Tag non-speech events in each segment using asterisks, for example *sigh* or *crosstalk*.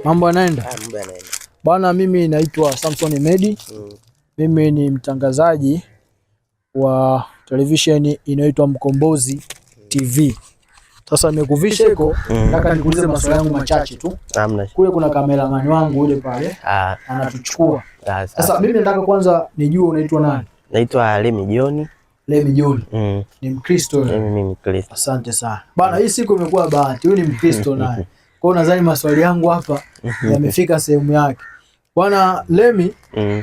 Ah, mambo yanaenda bwana. Mimi naitwa Samson Medi mm. Mimi ni mtangazaji wa televisheni inayoitwa Mkombozi mm. TV. Sasa nimekuvisha iko mm. nataka nikuulize maswali yangu machache tu. Kule kuna kameramani wangu yule pale ah. anatuchukua. Ah, sasa mimi nataka kwanza nijue unaitwa nani? Naitwa Lemi Joni. Lemi Joni. Mm. Ni Mkristo. Mimi ni Mkristo. Asante sana bana, hii siku imekuwa bahati. Huyu ni Mkristo naye *laughs* Kwa hiyo nadhani maswali yangu hapa *laughs* yamefika sehemu yake. Bwana Lemi, mm.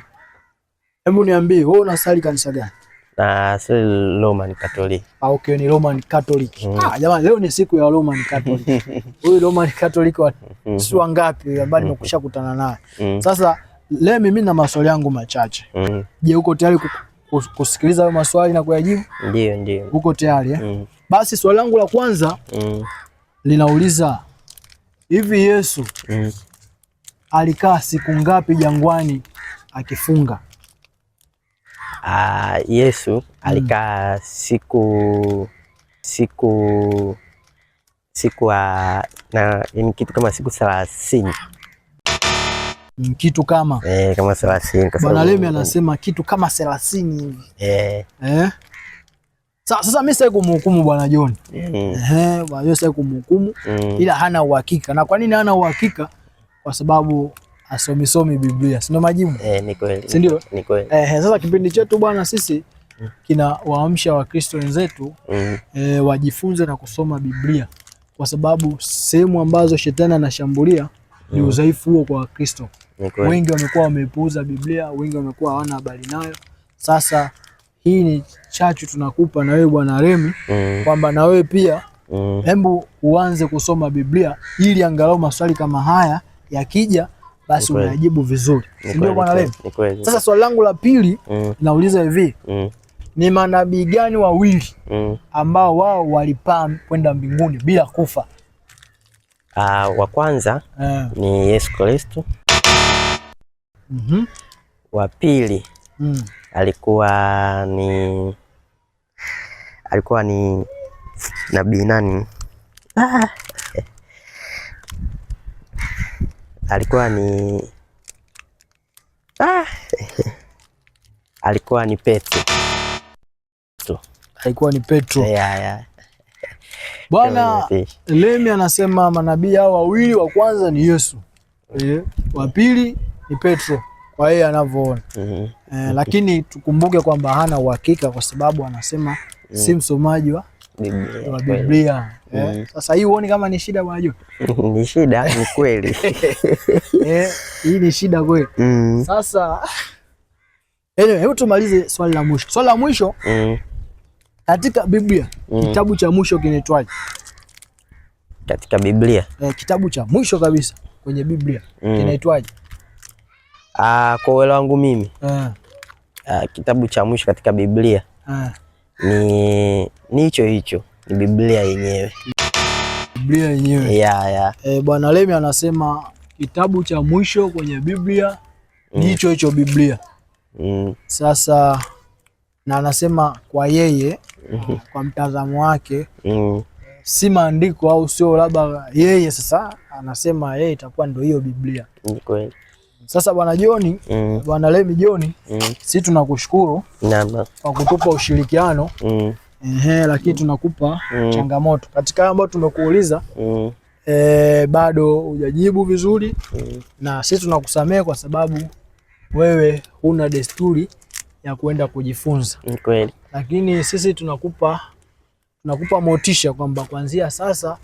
hebu niambie wewe unasali kanisa gani? Ah, si Roman Catholic. Ah, okay, ni Roman Catholic. Mm. Ah, jamani leo ni siku ya Roman Catholic. *laughs* Huyu Roman Catholic wa mm. si wangapi ambaye mm. nimekusha kutana naye. Mm. Sasa leo mimi na maswali yangu machache. Mm. Je, uko tayari kusikiliza hayo maswali na kuyajibu? Ndio, ndio. Uko tayari eh? Mm. Basi swali langu la kwanza mm. linauliza mm. Hivi Yesu mm. alikaa siku ngapi jangwani akifunga? Ah, Yesu alikaa mm. siku siku siku a, na ni kitu kama siku thelathini kitu kama eh, kama thelathini. Bwana Lemi anasema kitu kama thelathini hivi eh. Eh? Sasa sasa mimi sasa kumhukumu bwana John. Mm. Eh, bwana John sasa kumhukumu mm. ila hana uhakika. Na kwa nini hana uhakika? Kwa sababu asomi somi Biblia. Sio majibu? Eh, ni kweli. Si ndio? Ni kweli. Eh, sasa kipindi chetu bwana sisi mm. kina waamsha Wakristo wenzetu mm. eh, wajifunze na kusoma Biblia kwa sababu sehemu ambazo shetani anashambulia ni udhaifu huo kwa Wakristo. Wengi wamekuwa wamepuuza Biblia, wengi wamekuwa hawana habari nayo. Sasa hii ni chachu tunakupa na wewe bwana Remi mm. kwamba na wewe pia mm. hembu uanze kusoma Biblia ili angalau maswali kama haya yakija basi unajibu vizuri, si ndio bwana Remi? Sasa swali langu la pili mm. nauliza hivi mm. ni manabii gani wawili mm. ambao wao walipaa kwenda mbinguni bila kufa? Uh, wa kwanza yeah. ni Yesu Kristo mm -hmm. wa pili mm alikuwa ni alikuwa ni nabii nani? Ah, alikuwa ni ah, alikuwa ni Petro tu, alikuwa ni Petro. Yeah, yeah. Bwana Lemi anasema manabii hao wawili wa kwanza ni Yesu, yeah. wa pili ni Petro kwa yeye anavyoona mm -hmm. E, lakini tukumbuke kwamba hana uhakika kwa sababu anasema mm -hmm. si msomaji wa Biblia. Wa Biblia. Eh, mhm. sasa hii huoni kama ni shida bwana Juma? *laughs* Ni shida, ni kweli. *laughs* Eh, hii ni shida kweli. Mm. Sasa anyway, hebu tumalize swali la mwisho. Swali la mwisho mm. katika Biblia mm. kitabu cha mwisho kinaitwaje? Katika Biblia. e, kitabu cha mwisho kabisa kwenye Biblia mm. kinaitwaje? Ah, kwa uelewa wangu mimi ah. Ah, kitabu cha mwisho katika Biblia ah. ni ni hicho hicho ni Biblia yenyewe Biblia yenyewe yeah, yeah. Eh, Bwana Lemi anasema kitabu cha mwisho kwenye Biblia ni mm. hicho mm. hicho Biblia mm. Sasa na anasema kwa yeye mm. kwa mtazamo wake mm. si maandiko au sio, labda yeye sasa anasema yeye itakuwa ndio hiyo Biblia. Ni kweli. Sasa bwana Joni, mm. bwana Lemi Joni, mm. sisi tunakushukuru kwa kutupa ushirikiano mm. ehe, lakini tunakupa mm. changamoto katika hayo ambayo tumekuuliza mm. e, bado hujajibu vizuri mm. na sisi tunakusamehe kwa sababu wewe huna desturi ya kuenda kujifunza kweli, lakini sisi tunakupa tunakupa motisha kwamba kuanzia sasa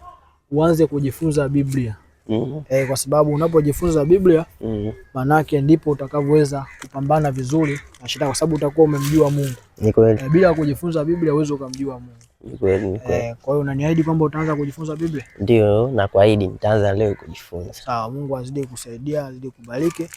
uanze kujifunza Biblia mm -hmm. E, kwa sababu unapojifunza Biblia maanake mhm. mm -hmm. ndipo utakavyoweza kupambana vizuri na shida, kwa sababu utakuwa umemjua Mungu. Ni kweli. E, bila kujifunza Biblia huwezi ukamjua Mungu. Ni kweli, ni kweli. E, kwa hiyo unaniahidi kwamba utaanza kujifunza Biblia? Ndio, nakuahidi nitaanza leo kujifunza. Sawa, Mungu azidi kusaidia, azidi kubariki.